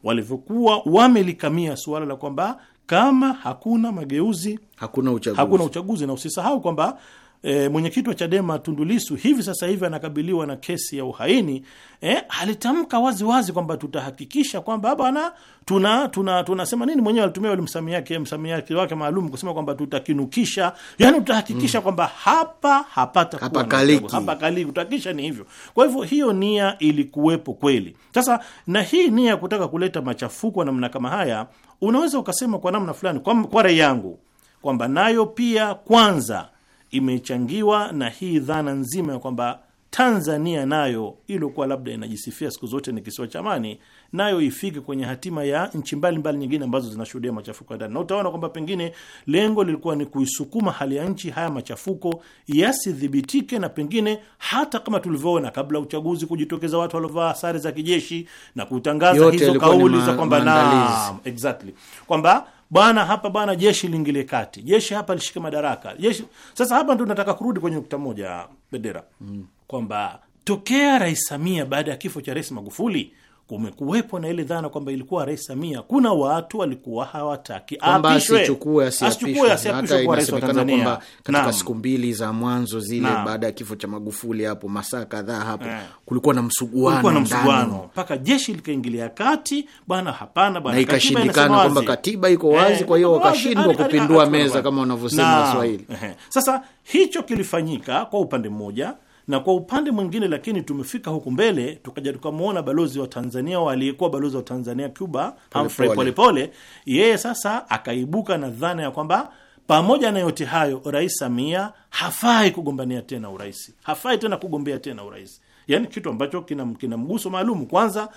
Speaker 5: walivyokuwa wamelikamia suala la kwamba kama hakuna mageuzi hakuna uchaguzi, hakuna uchaguzi. Na usisahau kwamba e, mwenyekiti wa Chadema Tundulisu hivi sasa hivi anakabiliwa na kesi ya uhaini e, alitamka waziwazi kwamba tutahakikisha kwamba ah, bwana tuna tuna tunasema nini, mwenyewe alitumia ule msamiati msamiati wake maalum kusema kwamba tutakinukisha, yani tutahakikisha mm, kwamba hapa hapata hapa kaliki hapa kaliki, tutahakikisha ni hivyo. Kwa hivyo hiyo nia ilikuwepo kweli. Sasa na hii nia ya kutaka kuleta machafuko namna kama haya, unaweza ukasema kwa namna fulani, kwa, kwa rai yangu kwamba nayo pia kwanza imechangiwa na hii dhana nzima ya kwamba Tanzania nayo iliyokuwa labda inajisifia siku zote ni kisiwa cha amani, nayo ifike kwenye hatima ya nchi mbalimbali nyingine ambazo zinashuhudia machafuko ya ndani, na utaona kwamba pengine lengo lilikuwa ni kuisukuma hali ya nchi haya machafuko yasidhibitike, na pengine hata kama tulivyoona kabla uchaguzi kujitokeza watu waliovaa sare za kijeshi na kutangaza hizo kauli za kwamba exactly kwamba bwana hapa bwana, jeshi liingilie kati, jeshi hapa lishike madaraka, jeshi. Sasa hapa ndo nataka kurudi kwenye nukta moja Bendera, mm. kwamba tokea Rais Samia baada ya kifo cha Rais Magufuli kumekuwepo na ile dhana kwamba ilikuwa Rais Samia, kuna watu walikuwa hawataki asichukue asiapishwe rais wa Tanzania
Speaker 4: katika siku mbili za mwanzo zile, baada ya kifo cha Magufuli, hapo masaa kadhaa hapo eh, kulikuwa na msuguano
Speaker 5: mpaka jeshi likaingilia kati, bwana hapana bwana, ikashindikana kwamba katiba iko eh, wazi eh, kwa hiyo wakashindwa kupindua meza kama wanavyosema Waswahili. Eh, eh. Sasa hicho kilifanyika kwa upande mmoja na kwa upande mwingine lakini tumefika huku mbele tukaja tukamwona balozi wa Tanzania aliyekuwa balozi wa Tanzania Cuba Humphrey Polepole, yeye sasa akaibuka na dhana ya kwamba pamoja na yote hayo, Rais Samia hafai kugombania tena urais, hafai tena kugombea tena urais, yani kitu ambacho kina, kina mguso maalum kwanza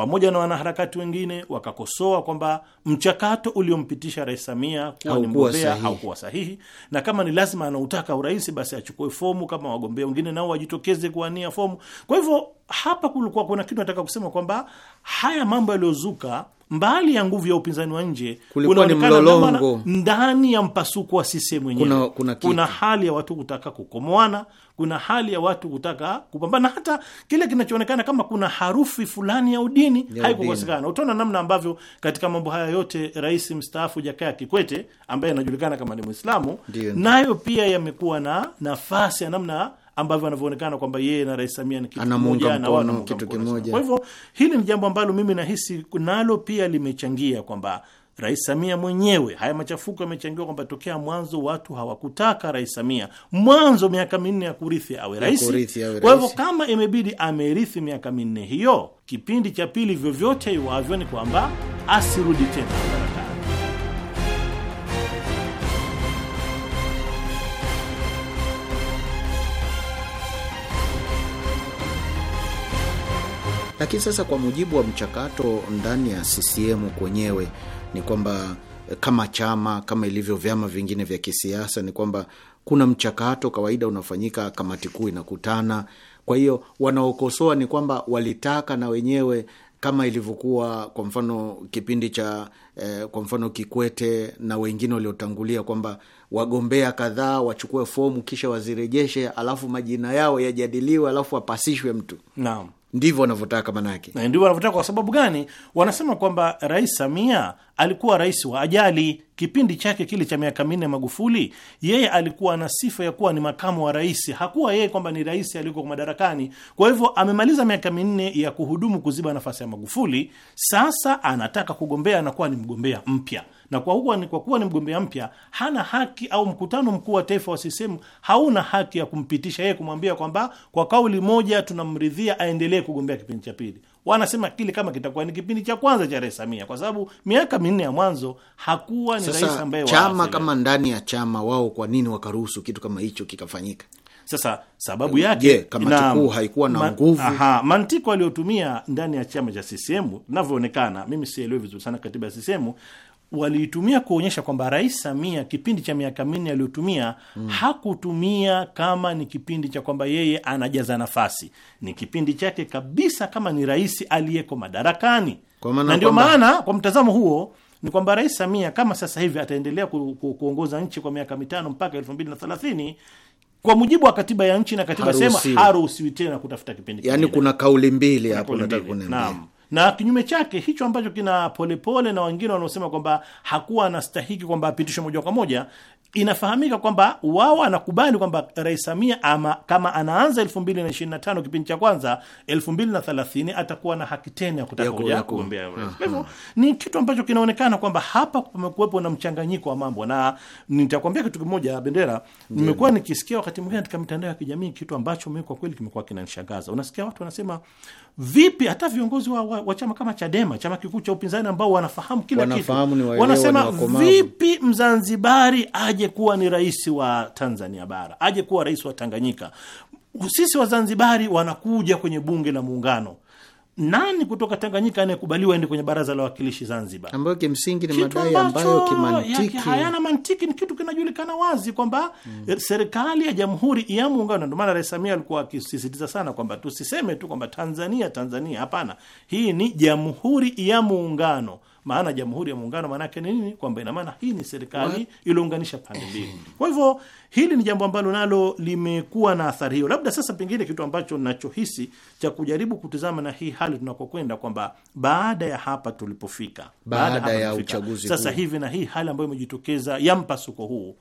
Speaker 5: pamoja na wanaharakati wengine wakakosoa kwamba mchakato uliompitisha Rais Samia kuwa ni mgombea haukuwa sahihi, na kama ni lazima anautaka urais, basi achukue fomu kama wagombea wengine nao wajitokeze kuwania fomu. Kwa hivyo, hapa kulikuwa kuna kitu nataka kusema kwamba haya mambo yaliyozuka mbali ya nguvu ya upinzani wa nje ndani ya mpasuko wa CCM wenyewe. Kuna, kuna, kuna hali ya watu kutaka kukomoana, kuna hali ya watu kutaka kupambana, hata kile kinachoonekana kama kuna harufi fulani ya udini haikukosekana. Utaona namna ambavyo katika mambo haya yote rais mstaafu Jakaya Kikwete ambaye anajulikana kama ni Mwislamu, nayo pia yamekuwa na nafasi ya namna ambavyo anavyoonekana kwamba yeye na Rais Samia ni kitu kimoja kimoja. Kwa hivyo hili ni jambo ambalo mimi nahisi nalo pia limechangia kwamba Rais Samia mwenyewe. Haya machafuko yamechangiwa kwamba tokea mwanzo watu hawakutaka Rais Samia mwanzo miaka minne ya kurithi awe rais. Kwa hivyo kama imebidi amerithi miaka minne hiyo, kipindi cha pili vyovyote iwavyo ni kwamba asirudi tena
Speaker 4: Lakini sasa kwa mujibu wa mchakato ndani ya CCM kwenyewe ni kwamba eh, kama chama kama ilivyo vyama vingine vya kisiasa, ni kwamba kuna mchakato kawaida unafanyika, kamati kuu inakutana. Kwa hiyo wanaokosoa ni kwamba walitaka na wenyewe kama ilivyokuwa kwa mfano kipindi cha eh, kwa mfano Kikwete na wengine waliotangulia kwamba wagombea kadhaa wachukue fomu kisha wazirejeshe, alafu majina yao yajadiliwe, alafu apasishwe mtu. Naam ndivyo wanavyotaka manake, na ndivyo wanavyotaka. Kwa
Speaker 5: sababu gani? Wanasema kwamba Rais Samia alikuwa rais wa ajali. Kipindi chake kile cha miaka minne Magufuli, yeye alikuwa na sifa ya kuwa ni makamu wa rais, hakuwa yeye kwamba ni rais aliyoko madarakani. Kwa hivyo amemaliza miaka minne ya kuhudumu kuziba nafasi ya Magufuli, sasa anataka kugombea, na kuwa ni mgombea mpya na kwa kuwa ni, kwa kuwa ni mgombea mpya hana haki au mkutano mkuu wa taifa wa CCM hauna haki ya kumpitisha yeye, kumwambia kwamba kwa kauli moja tunamridhia aendelee kugombea kipindi cha pili. Wanasema kile kama kitakuwa ni kipindi cha kwanza cha Rais Samia, kwa sababu miaka minne ya mwanzo hakuwa ni rais ambaye chama kama
Speaker 4: ndani ya chama wao, kwa nini wakaruhusu kitu kama hicho kikafanyika? Sasa sababu yake kamati kuu haikuwa na nguvu. Aha, mantiko aliyotumia ndani ya chama cha
Speaker 5: CCM, inavyoonekana, mimi sielewi vizuri sana katiba ya CCM, waliitumia kuonyesha kwamba Rais Samia kipindi cha miaka minne aliyotumia mm. hakutumia kama ni kipindi cha kwamba yeye anajaza nafasi, ni kipindi chake kabisa kama ni rais aliyeko madarakani, na ndio maana kwa mtazamo huo ni kwamba Rais Samia kama sasa hivi ataendelea ku, ku, kuongoza nchi kwa miaka mitano mpaka elfu mbili na thelathini kwa mujibu wa katiba ya nchi na katiba sema haruhusiwi tena kutafuta kipindi, yani kuna
Speaker 4: kauli mbili hapo nataka kuniambia
Speaker 5: na kinyume chake hicho ambacho kina Polepole pole na wengine wanaosema kwamba hakuwa anastahiki kwamba apitishwe moja kwa moja inafahamika kwamba wao anakubali kwamba Rais Samia ama kama anaanza elfu mbili na na ishirini tano kipindi cha kwanza elfu mbili na thelathini atakuwa na haki tena ya kutaka kuja kugombea
Speaker 6: hmm. Kwa hivyo
Speaker 5: ni kitu ambacho kinaonekana kwamba hapa pamekuwepo na mchanganyiko wa mambo, na nitakwambia kitu kimoja Bendera, nimekuwa nikisikia wakati mwingine katika mitandao ya kijamii kitu ambacho mimi kwa kweli kimekuwa kinanishangaza. Unasikia watu wanasema Vipi hata viongozi wa, wa, wa chama kama Chadema, chama kikuu cha upinzani, ambao wanafahamu kila wanafahamu kitu, wanasema vipi Mzanzibari aje kuwa ni rais wa Tanzania bara, aje kuwa rais wa Tanganyika? Sisi Wazanzibari wanakuja kwenye bunge la Muungano nani kutoka Tanganyika anayekubaliwa ende kwenye baraza la wawakilishi Zanzibar, ambayo kimsingi ni madai ambayo kimantiki hayana mantiki. Ni kitu kinajulikana wazi kwamba mm, eh, serikali ya jamhuri ya muungano. Ndio maana Rais Samia alikuwa akisisitiza sana kwamba tusiseme tu kwamba Tanzania Tanzania, hapana, hii ni jamhuri ya muungano maana Jamhuri ya Muungano maanake ni nini? Kwamba ina maana hii ni serikali iliyounganisha pande eh. mbili. Kwa hivyo hili ni jambo ambalo nalo limekuwa na athari hiyo. Labda sasa, pengine kitu ambacho nachohisi cha kujaribu kutizama na hii hali tunakokwenda, kwamba baada ya hapa tulipofika, baada, baada ya uchaguzi sasa hivi na hii hali ambayo imejitokeza ya mpasuko huu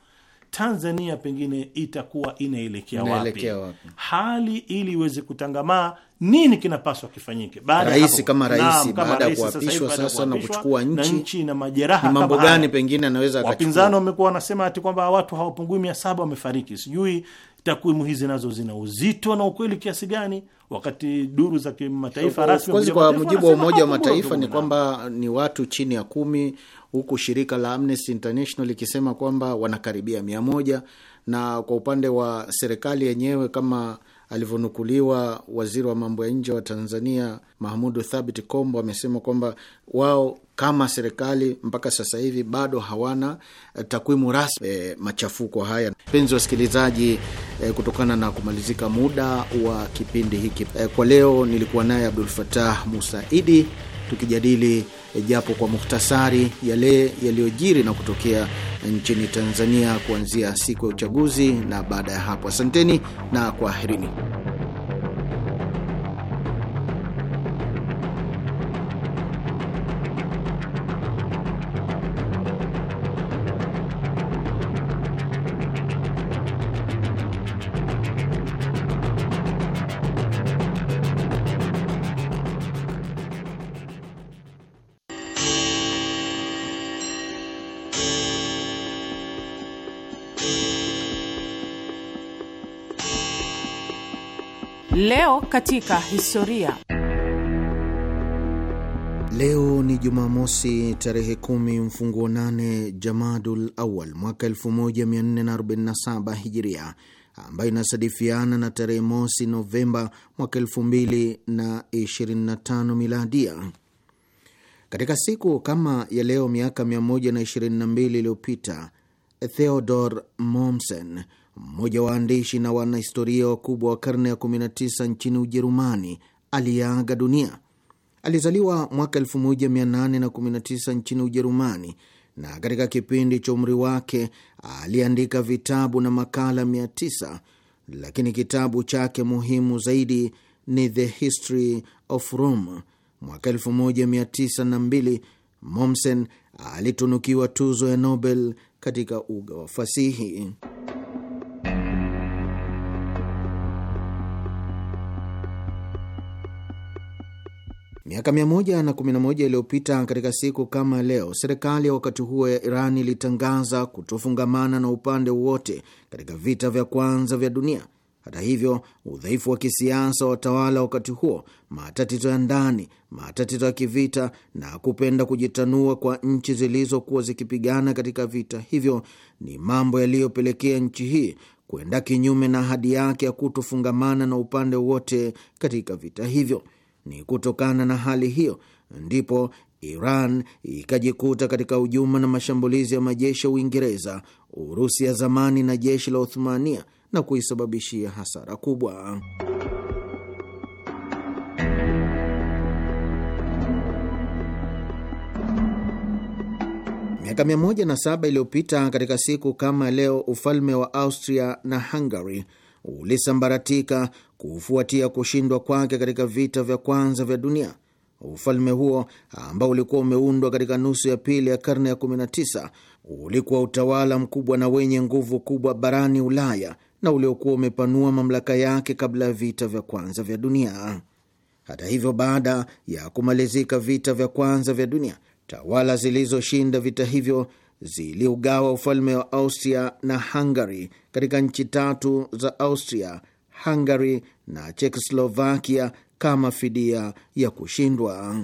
Speaker 5: Tanzania pengine itakuwa inaelekea wapi? Hali ili iweze kutangamaa, nini kinapaswa kifanyike? Rais kama rais baada ya kuapishwa sasa na kuchukua nchi, na nchi na majeraha, mambo gani pengine
Speaker 4: anaweza akachukua? Wapinzani
Speaker 5: wamekuwa wanasema ati kwamba watu hawapungui mia saba wamefariki. Sijui takwimu hizi nazo zina uzito na ukweli kiasi gani, wakati duru za kimataifa rasmi, kwa mujibu wa Umoja wa Mataifa ni
Speaker 4: kwamba ni watu chini ya kumi huku shirika la Amnesty International likisema kwamba wanakaribia mia moja, na kwa upande wa serikali yenyewe kama alivyonukuliwa waziri wa mambo ya nje wa Tanzania Mahmudu Thabit Kombo amesema kwamba wao kama serikali mpaka sasa hivi bado hawana eh, takwimu rasmi e, machafuko haya. Mpenzi wasikilizaji, e, kutokana na kumalizika muda wa kipindi hiki e, kwa leo nilikuwa naye Abdul Fatah Musaidi tukijadili Eh, japo kwa muhtasari, yale yaliyojiri na kutokea nchini Tanzania kuanzia siku ya uchaguzi na baada ya hapo. Asanteni na kwaherini.
Speaker 1: Leo katika historia.
Speaker 4: Leo ni Jumamosi tarehe kumi mfunguo nane Jamadul Awal mwaka 1447 Hijiria, ambayo inasadifiana na tarehe mosi Novemba mwaka 2025 Miladia. Katika siku kama ya leo miaka 122 iliyopita Theodor Mommsen mmoja wa waandishi na wanahistoria wakubwa wa karne ya 19 nchini Ujerumani, aliyeaga dunia. Alizaliwa mwaka 1819 nchini Ujerumani, na katika kipindi cha umri wake aliandika vitabu na makala 900, lakini kitabu chake muhimu zaidi ni The History of Rome. Mwaka 1902 Mommsen alitunukiwa tuzo ya Nobel katika uga wa fasihi. Miaka 111 iliyopita katika siku kama leo, serikali ya wakati huo ya Iran ilitangaza kutofungamana na upande wowote katika vita vya kwanza vya dunia. Hata hivyo, udhaifu wa kisiasa wa watawala wakati huo, matatizo ya ndani, matatizo ya kivita na kupenda kujitanua kwa nchi zilizokuwa zikipigana katika vita hivyo ni mambo yaliyopelekea nchi hii kwenda kinyume na ahadi yake ya kutofungamana na upande wowote katika vita hivyo. Ni kutokana na hali hiyo ndipo Iran ikajikuta katika hujuma na mashambulizi ya majeshi ya Uingereza, Urusi ya zamani na jeshi la Uthmania na kuisababishia hasara kubwa. Miaka 17 iliyopita katika siku kama leo, ufalme wa Austria na Hungary ulisambaratika kufuatia kushindwa kwake katika vita vya kwanza vya dunia. Ufalme huo ambao ulikuwa umeundwa katika nusu ya pili ya karne ya 19 ulikuwa utawala mkubwa na wenye nguvu kubwa barani Ulaya na uliokuwa umepanua mamlaka yake kabla ya vita vya kwanza vya dunia. Hata hivyo, baada ya kumalizika vita vya kwanza vya dunia, tawala zilizoshinda vita hivyo ziliugawa ufalme wa Austria na Hungary katika nchi tatu za Austria, Hungary na Chekoslovakia kama fidia ya kushindwa.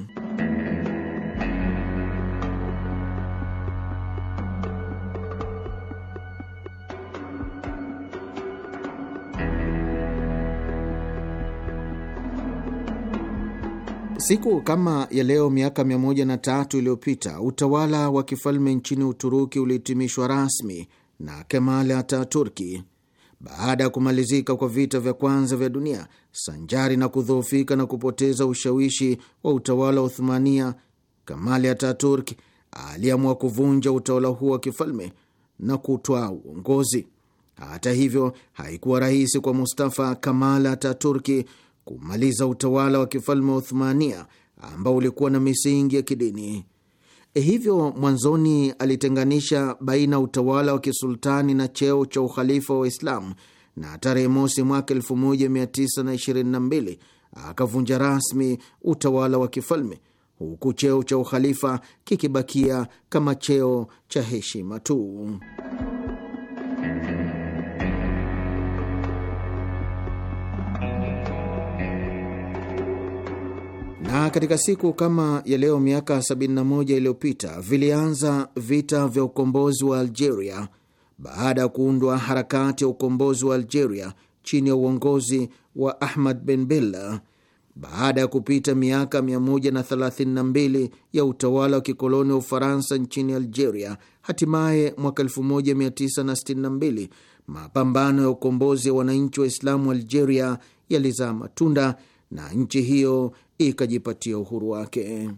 Speaker 4: Siku kama ya leo miaka 103 iliyopita utawala wa kifalme nchini Uturuki ulihitimishwa rasmi na Kemal Ataturki baada ya kumalizika kwa vita vya kwanza vya dunia, sanjari na kudhoofika na kupoteza ushawishi wa utawala wa Uthumania, kamal Ataturk aliamua kuvunja utawala huo wa kifalme na kutwaa uongozi. Hata hivyo, haikuwa rahisi kwa Mustafa Kamal Ataturki kumaliza utawala wa kifalme wa Uthmania ambao ulikuwa na misingi ya kidini. Eh, hivyo mwanzoni alitenganisha baina utawala wa kisultani na cheo cha ukhalifa wa Waislamu, na tarehe mosi mwaka 1922 akavunja rasmi utawala wa kifalme, huku cheo cha ukhalifa kikibakia kama cheo cha heshima tu. Na katika siku kama ya leo miaka 71 iliyopita vilianza vita vya ukombozi wa Algeria baada ya kuundwa harakati ya ukombozi wa Algeria chini ya uongozi wa Ahmad Ben Bella baada ya kupita miaka 132 ya utawala wa kikoloni wa Ufaransa nchini Algeria, hatimaye mwaka 1962 mapambano ya ukombozi wa wananchi wa Islamu Algeria yalizaa matunda na nchi hiyo ikajipatia uhuru wake.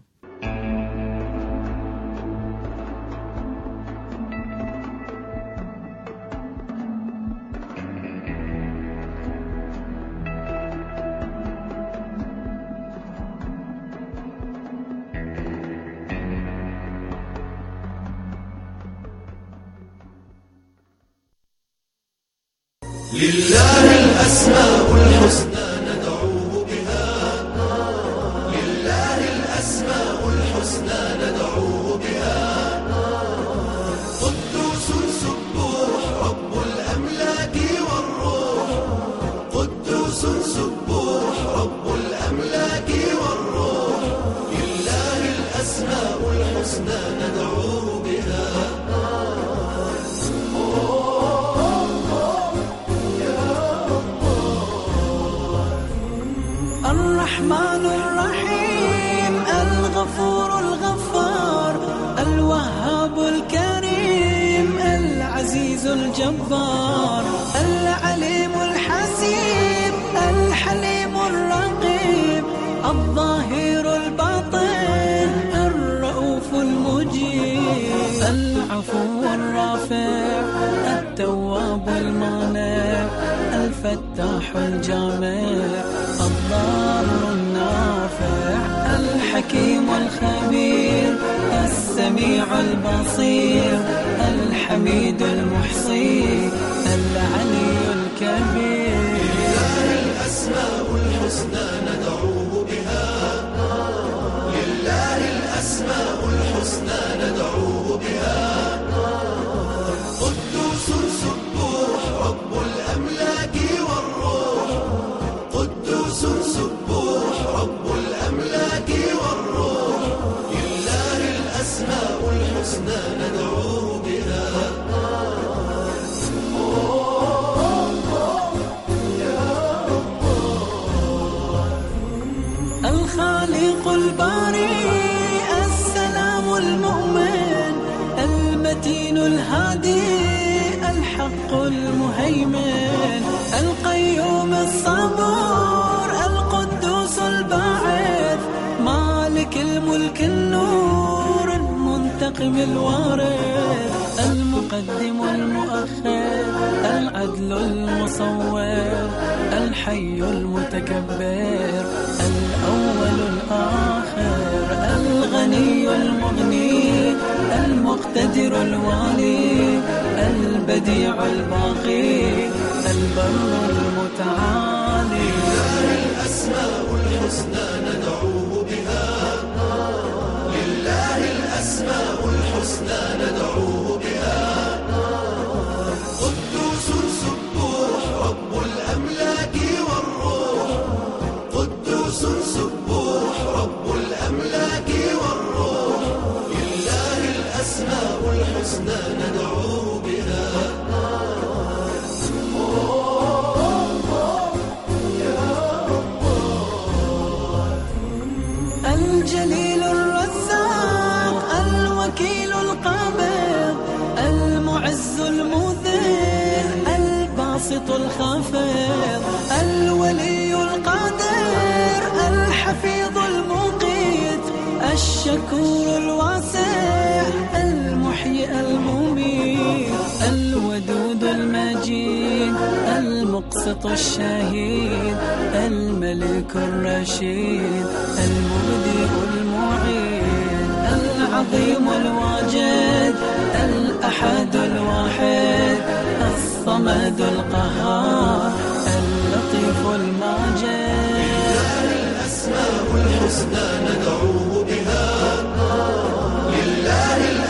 Speaker 7: Lila.
Speaker 8: البصير الحميد المحصي العلي الكبير لله
Speaker 7: الأسماء الحسنى ندعوه بها لله الأسماء الحسنى ندعوه بها
Speaker 8: الحق المهيمن القيوم الصبور القدوس الباعث مالك الملك النور المنتقم الوارث المقدم المؤمن العدل المصور الحي المتكبر الأول الآخر الغني المغني المقتدر الوالي البديع الباقي البر المتعالي
Speaker 7: الأسماء الحسنى ندعوه بها لله الأسماء الحسنى ندعوه
Speaker 8: الشكور الواسع المحيي المميت الودود المجيد المقسط الشهيد الملك الرشيد المبدئ المعيد العظيم الواجد الأحد الواحد الصمد القهار اللطيف
Speaker 7: الماجد لله الأسماء الحسنى ندعوه